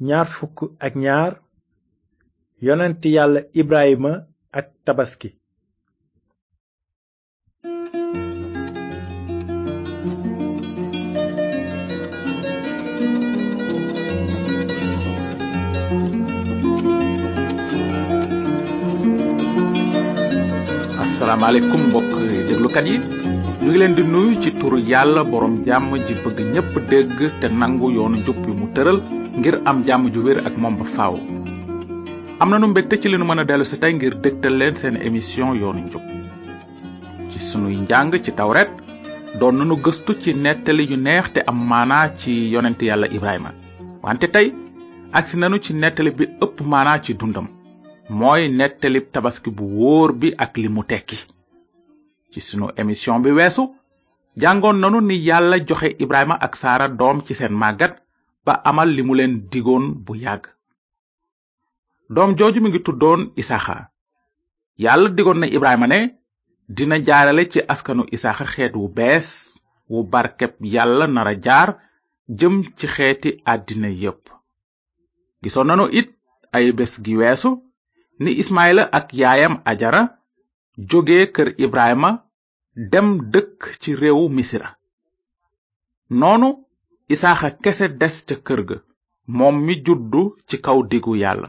ñaar ak ñaar yonent yàlla Ibrahima ak tabaski asalaamaaleykum mbokk déglukat yi ñu ngi leen di nuyu ci turu yàlla borom jàmm ji bëgg ñépp dégg te nangu yoonu njub mu tëral ngir am jàmm ju wér ak moom ba faaw am nanu mbégte ci li nu mën a dellu si tey ngir dégtal leen seen émission yoonu njub ci sunuy njàng ci tawret doon nanu gëstu ci nettali yu neex te am maanaa ci yonent yàlla Ibrahima wante tey agsi nanu ci nettali bi ëpp maanaa ci dundam mooy nettali tabaski bu wóor bi ak li mu tekki ci sunu émission bi weesu jàngoon nanu ni yàlla joxe Ibrahima ak Saara doom ci seen màggat ba amal li leen digoon bu yàgg doom jooju mi ngi tuddoon isaaxa yàlla digoon na ibrahima ne dina jaarale ci askanu isaaxa xeet wu bees wu barkeb yàlla nara jaar jëm ci xeeti àddina yépp gisoon nanu it ay bés gi weesu ni ismaila ak yaayam ajara joge kër ibrahima dem dëkk ci réewu misira noonu isaaxa kese des ca kër ga moom mi juddu ci kaw diggu yàlla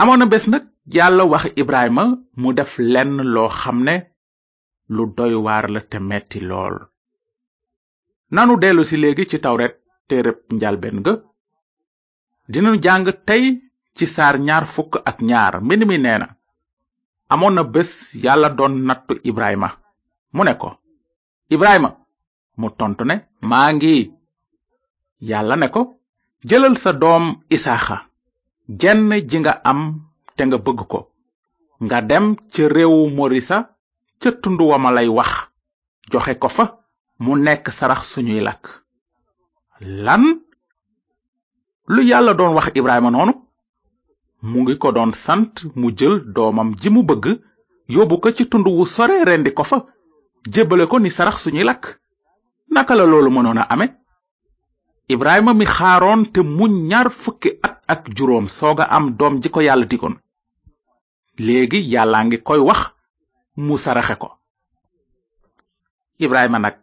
amoon na bés na yàlla wax ibrahima mu def lenn loo xam ne lu doy waar la te metti lool nanu dellu si léegi ci tawret téereb njalbeen ga dinañu jàng tey ci saar ñaar fukk ak ñaar mbind mi nee na amoon na bés yàlla doon nattu ibrahima mu ne ko ibrahima mu tontu ne maa ngi yàlla ne ko jëlal sa doom isaaxa jenn ji nga am te nga bëgg ko nga dem ca réewu morisa ca tund wa ma lay wax joxe ko fa mu nekk sarax suñuy lakk lan lu yàlla doon wax ibrahima noonu mu ngi ko doon sant mu jël doomam ji mu bëgg yóbbu ko ci tund wu sore rendi ko fa jébbale ko ni sarax suñuy lakk naka la loolu mënoon ame ibrahima mi xaaroon te muñ ñaar fukki at ak juróom sooga am doom ji ko yàlla digoon léegi yàllaa ngi koy wax mu saraxe ko ibrahima nag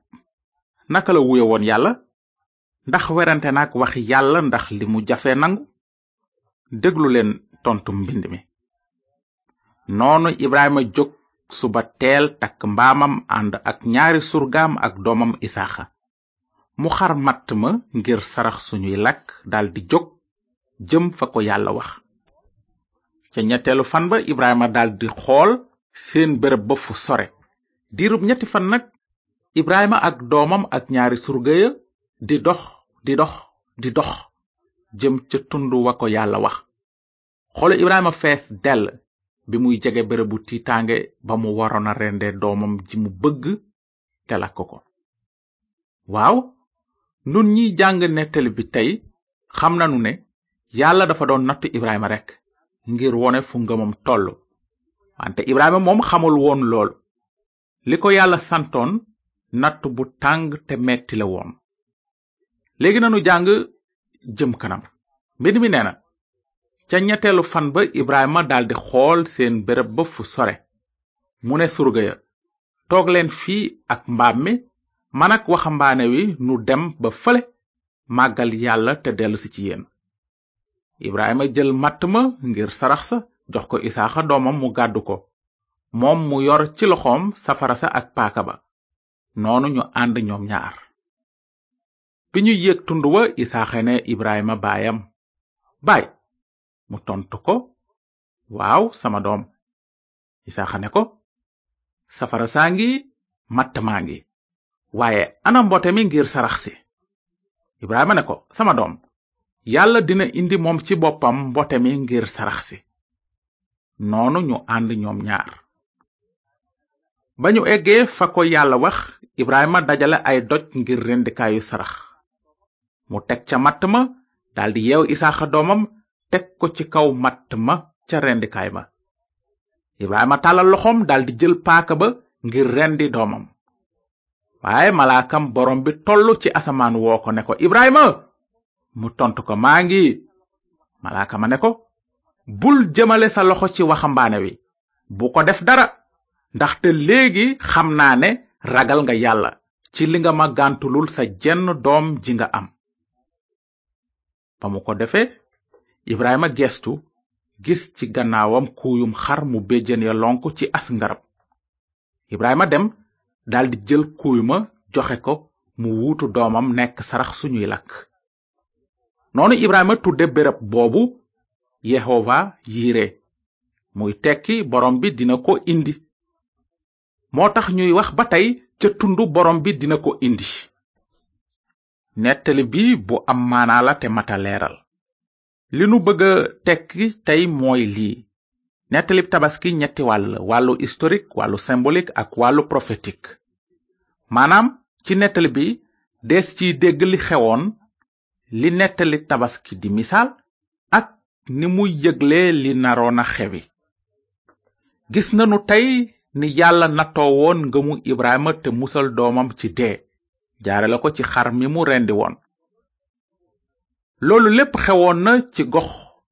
naka la wuye woon yàlla ndax werante nag waxi yàlla ndax li mu jafe nangu déglu leen tontu mbind mi noonu ibrahima jóg suba teel takk mbaamam ànd ak ñaari surgaam ak doomam isaaxa mu xar matt ma ngir sarax suñuy lakk daldi jog jëm fako yàlla wax ca ñetteelu fan ba ibrahima daldi xool seen bërëb ba fu sore diirub ñetti fan nag ibrahima ak doomam ak ñaari surgaya di dox di dox di dox jëm ca tund wa yàlla wax xoolu ibrahima fees dell bi muy jege bu tiitaange ba mu waroon a rende doomam ji bëgg te lakk ko waaw nun ñiy jàng nettali bi tey xam nanu ne yàlla dafa doon nattu ibrahima rek ngir wone fu ngëmam toll wante ibrahima moom xamul woon lool li ko yàlla santoon natt bu tàng te metti la woon léegi nanu jàng jëm kanam mbind mi nee na ca ñetteelu fan ba Ibrahima daldi xool seen bërëb ba fu sore mu ne surga ya toog leen fii ak mbaam mi manak waxambaane wi nu dem ba fële màggal yàlla te dellusi ci yéen Ibrahima jël matt ma ngir sarax sa jox ko Isaaxa doomam mu gàddu ko moom mu yor ci loxoom safara sa ak paaka ba noonu ñu ànd ñoom ñaar bi ñu yéeg tund wa Isaaxa ne Ibrahima baayam baay mu tontu ko waaw sama doom isaaxa ne ko safara saa ngi matt maa ngi waaye ana mbote mi ngir sarax si ibrahima ne ko sama doom yàlla dina indi moom ci boppam mbote mi ngir sarax si noonu ñu ànd ñoom ñaar ba ñu eggee fa ko yàlla wax ibrahima dajale ay doj ngir rendikaayu sarax mu teg ca matt ma daldi yeew isaaxa doomam teg ko ci kaw matt ma ca rendikaay ba ibrahima tàllal loxoom daldi jël paaka ba ngir rendi doomam waaye malaakam borom bi toll ci asamaan woo ko ne ko ibrahima mu tontu ko maa ngi malaaka ma ne ko bul jëmale sa loxo ci waxambaane wi bu ko def dara ndaxte léegi xam naa ne ragal nga yàlla ci li nga ma gàntulul sa jenn doom ji nga am ba mu ko defee ibrahima gestu gis ci gannaawam kuuyum xar mu béjjën ya lonk ci as ngarab ibrahima dem daldi jël kuuy joxe ko mu wuutu doomam nekk sarax suñuy lakk noonu ibrahima tudde béréb boobu yehova yiire muy tekki borom bi dina ko indi moo tax ñuy wax ba tey ca tundu borom bi dina ko indi nettali bi bu am maanaa la te mata leeral li nu bëgg a tekki tey mooy lii nettalib tabaski ñetti wàll wàllu historique wàllu symbolique ak wàllu prophétique maanaam ci nettali bi des ci dégg li xewoon li nettali tabaski di misaal ak ni mu yëgle li naroon a xewi gis na nu tey ni yàlla nattoo woon mu ibrahima te musal doomam ci dee jaare ko ci xar mi mu rendi woon loolu lépp xewoon na ci gox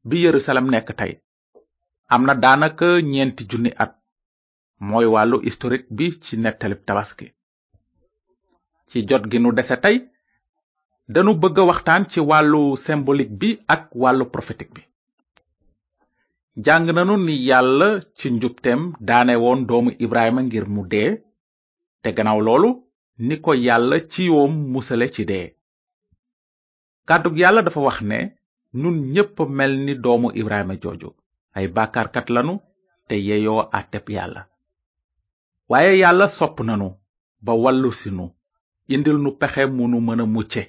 bi yerusalem nekk tey am na daanaka ñeenti junni at mooy wàllu historique bi ci nettalib tabaski ci jot gi nu dese tey danu bëgg waxtaan ci wàllu symbolique bi ak wàllu prophétique bi jàng nanu ni yàlla ci njubteem daanewoon doomu ibrahima ngir mu dee te gannaaw loolu ni ko yàlla ci yoom musale ci dee kàddug yàlla dafa wax ne nun ñépp mel ni doomu ibrahima jooju ay bàkkaarkat lanu te yeyoo àtteb yàlla waaye yàlla sopp nanu ba wallu sinu indil nu pexe mu mën a mucce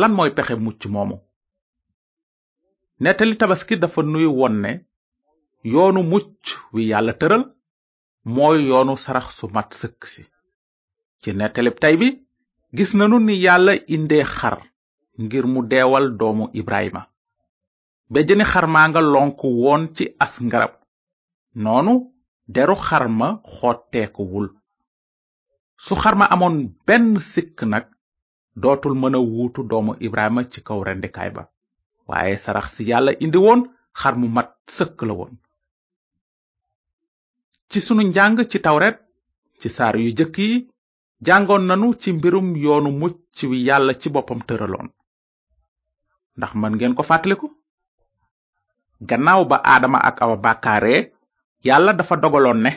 lan mooy pexe mucc moomu nettali tabaski dafa nuy won ne yoonu mucc wi yàlla tëral mooy yoonu sarax su mat sëkk si ci nettalib tey bi gis nanu ni yàlla indee xar ngir mu deewal doomu ibrahima béjjëni xarmaa nga lonk woon ci as ngarab noonu deru xarma xotteekuwul su xarma amoon benn sikk nag dootul mën wuutu doomu ibrahima ci kaw rendikaay ba waaye sarax si yàlla indi woon xar mu mat sëkk la woon ci sunu njàng ci tawret ci saar yu jëkk yi jàngoon nanu ci mbirum yoonu mucc wi yàlla ci boppam tëraloon ndax man ngeen ko fàttaliku gannaaw ba aadama ak awa bàkkaaree yàlla dafa dogaloon ne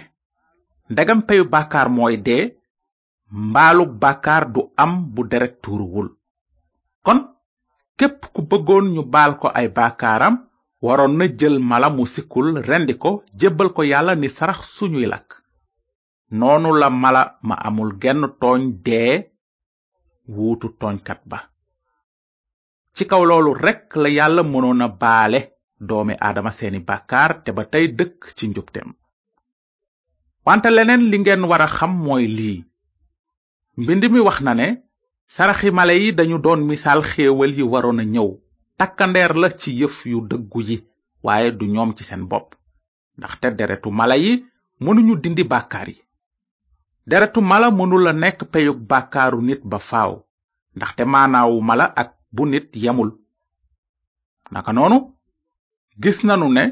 ndegam peyu bàkkaar mooy dee mbaalug bàkkaar du am bu deret tuuruwul kon képp ku bëggoon ñu baal ko ay bàkkaaram waroon na jël mala mu sikkul rendi ko jébbal ko yàlla ni sarax suñuy lakk noonu la mala ma amul genn tooñ dee wuutu tooñkat ba ci kaw loolu rekk la yàlla mënoon a baale doomi aadama seeni bàkkaar te ba tey dëkk ci njubteem wante leneen li ngeen war a xam mooy lii mbind mi wax na ne saraxi mala yi dañu doon misaal xéewal yi waroon a ñëw takkandeer la ci yëf yu dëggu yi waaye du ñoom ci seen bopp ndaxte deretu mala yi mënuñu dindi bàkkaar yi deretu mala mënula nekk peyug bàkkaaru nit ba faaw ndaxte maanaawu mala ak bu nit yamul naka noonu gis nanu ne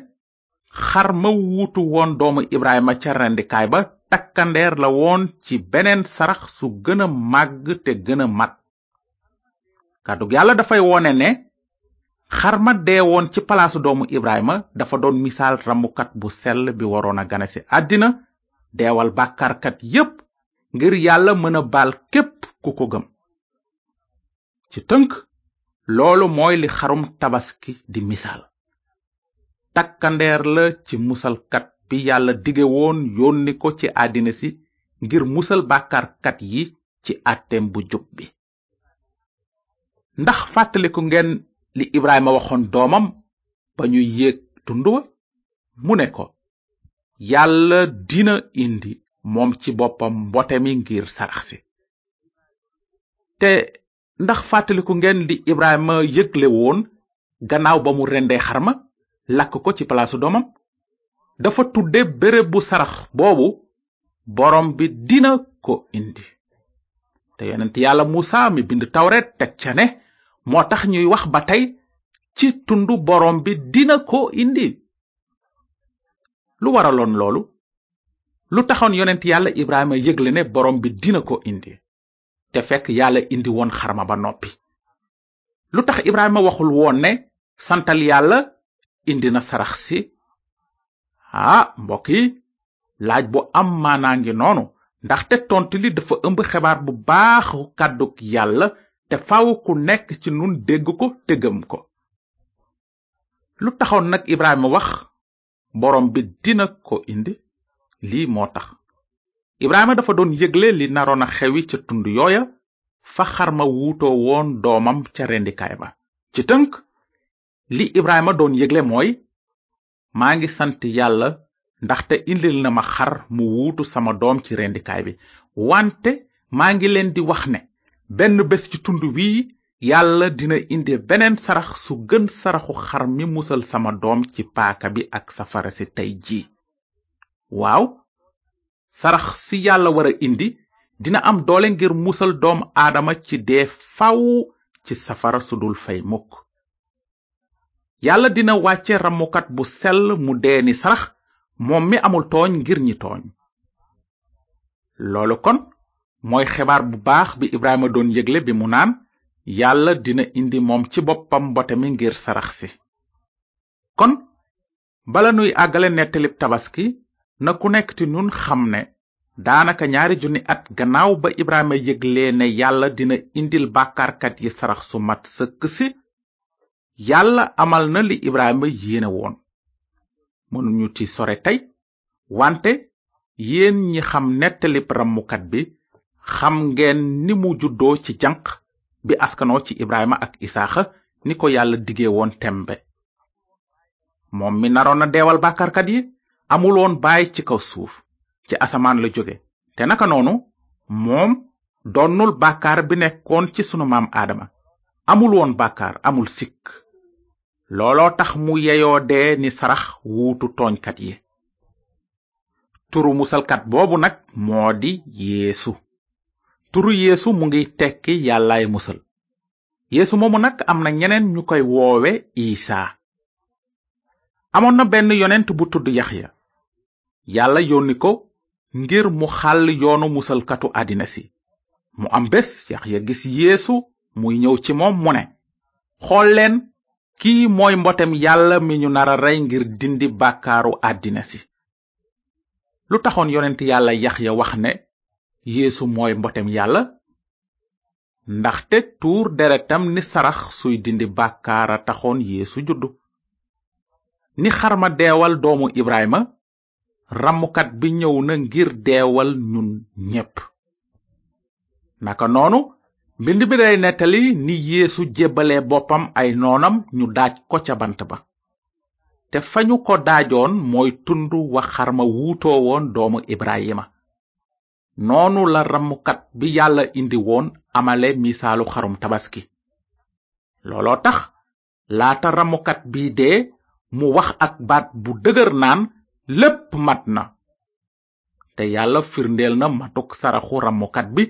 xar ma wuutu woon doomu ibrahima ca rendikaay ba takkandeer la woon ci beneen sarax su gën a màgg te gën mat kàddug yàlla dafay wone ne xar ma dee woon ci palaasu doomu ibrahima dafa doon misaal ramukat bu sell bi waroon a gane ci àddina deewal bàkkaarkat yépp ngir yàlla mën a baal képp ku ko gëm ci tënk loolu mooy li xarum tabaski di misaal takkandeer la ci musalkat bi yàlla dige woon yónni ko ci àddina si ngir musal bàkkaarkat yi ci àtteem bu jub bi ndax fàttaliku ngeen li Ibrahima waxoon doomam ba ñu yéeg tund wa mu ne ko yàlla dina indi moom ci boppam mbote mi ngir sarax si ndax fàttaliku ngeen di Ibrahima yëgle woon gannaaw ba mu rendee xar ma lakk ko ci palaasu doomam dafa tudde bërëb bu sarax boobu borom bi dina ko indi te yonent yàlla Musaa mi bind tawret teg ca ne moo tax ñuy wax ba tey ci tundu borom bi dina ko indi lu waraloon loolu lu taxoon yonent yàlla Ibrahima yëgle ne borom bi dina ko indi te fekk yàlla indi woon xarma ba noppi lu tax ibrahima waxul woon ne santal yàlla indi na sarax si ah mbokk yi laaj bu am maanaa ngi noonu ndaxte tontu li dafa ëmb xibaar bu baaxu kàdduk yàlla te faaw ku nekk ci nun dégg ko te ko lu taxoon nag ibrahima wax boroom bi dina ko indi lii moo tax ibrahima dafa doon yëgle li naroon a xewi ca tund yooya fa xarma wuutoo woon doomam ca rendikaay ba ci tënk li ibrahima doon yëgle mooy maa ngi sant yàlla ndaxte indil na ma xar mu wuutu sama doom ci rendikaay bi wante maa ngi leen di wax ne benn bés ci tund wii yàlla dina indi beneen sarax su gën saraxu xar mi musal sama doom ci paaka bi ak safara si tey ji waaw sarax si yàlla wara indi dina am doole ngir musal doom aadama ci dee faw ci safara su dul fay mukk yàlla dina wàcce ramukat bu sell mu deeni ni sarax moom mi amul tooñ ngir ñi tooñ loolu kon mooy xibaar bu baax bi Ibrahima doon yëgle bi mu naan yàlla dina indi moom ci boppam mbote mi ngir sarax si kon bala nuy àggale nettalib tabaski na ku nekk ci nun xam ne daanaka ñaari junni at gannaaw ba Ibrahima yëgle leen yàlla dina indil bàkkaarkat yi sarax su mat sëkk si yàlla amal na li Ibrahima yéene woon mënuñu ci sore tey wante yéen ñi xam nettali rammukat bi xam ngeen ni mu juddoo ci janq bi askanoo ci Ibrahima ak Isaaxa ni ko yàlla diggee woon tembe moom mi naroon deewal bàkkaarkat yi amuloon bàyyi ci kaw suuf ci asamaan la jóge te naka noonu moom donnul bàkkaar bi nekkoon ci sunu maam aadama amul woon bàkkaar amul sikk looloo tax mu yeyoo dee ni sarax wuutu tooñkat yi turu musalkat boobu nag moo di yéesu turu yéesu mu ngi tekki yàllaay musal yeesu moomu nag am na ñeneen ñu koy woowe isaa amoon na benn yonent bu tudd yax ya yàlla yónni ko ngir mu xàll yoonu musalkatu àddina si mu am bés yaxya gis yéesu muy ñëw ci moom mu ne xool leen kii mooy mbotem yàlla mi ñu nara rey ngir dindi bàkkaaru àddina si lu taxoon yonent yàlla yax yaxya wax ne yéesu mooy mbotem yàlla ndaxte tuur deretam ni sarax suy dindi bàkkaara taxoon yeesu juddu ni xarma deewal doomu ibrahima ramukat bi ñëw na ngir deewal ñun ñépp naka noonu mbind bi day nettali ni yéesu jébbale boppam ay noonam ñu daaj ko ca bant ba te fañu ko daajoon mooy tund wa xarma wuutoo woon doomu ibrahima noonu la ramukat bi yàlla indi woon amale misaalu xarum tabaski looloo tax laata ramukat bi dee mu wax ak baat bu dëgër naan lépp mat na te yàlla firndeel na matuk saraxu ramukat bi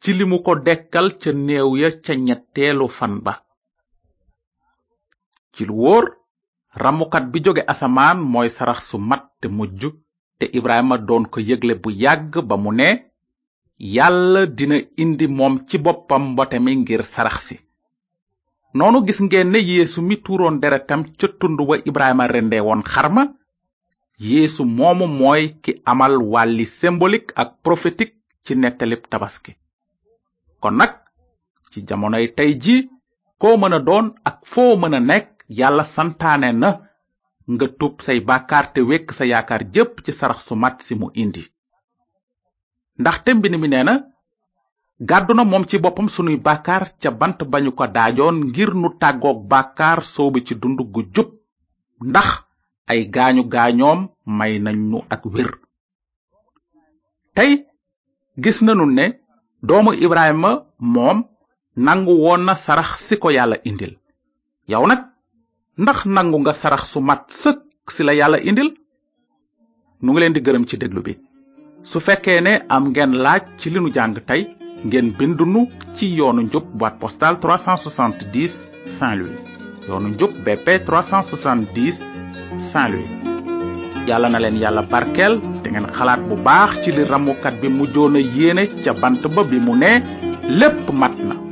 ci limu ko dekkal ca néew ya ca ñetteelu fan ba ci lu wóor ramukat bi jóge asamaan mooy sarax su mat te mujj te ibrahima doon ko yëgle bu yàgg ba mu ne yàlla dina indi moom ci boppam mbote mi ngir sarax si noonu gis ngeen ne yeesu mi tuuroon deretam ca tund wa ibrahima rende woon xarma yéesu moomu mooy ki amal wàlli sembolik ak porofetik ci nettalib tabaski kon nag ci jamonoy tey ji koo mën a doon ak foo mën a nekk yàlla santaane na nga tub say bàkkaar te wekk sa yaakaar jépp ci sarax su mat si mu indi ndaxte mbind mi nee na gàddu na moom ci boppam sunuy bàkkaar ca bant bañu ko daajoon ngir nu tàggook bàkkaar soobu ci dund gu jub ndax ay gaañu gaañoom may nañu ak wér tey gis nanu ne doomu ibrahima moom nangu woon na sarax si ko yàlla indil yow nag ndax nangu nga sarax su mat sëkk ci la yàlla indil nu ngi leen di gërëm ci déglu bi su fekkee ne am ngeen laaj ci li nu jàng tey ngeen bindunu ci yoonu njub boîte postale 370 Saint-Louis yoonu njub BP Saint-Louis yàlla na leen yàlla barkeel te ngeen xalaat bu baax ci li ramukat bi mujjoon a yéene ca bant ba bi mu nee lépp mat na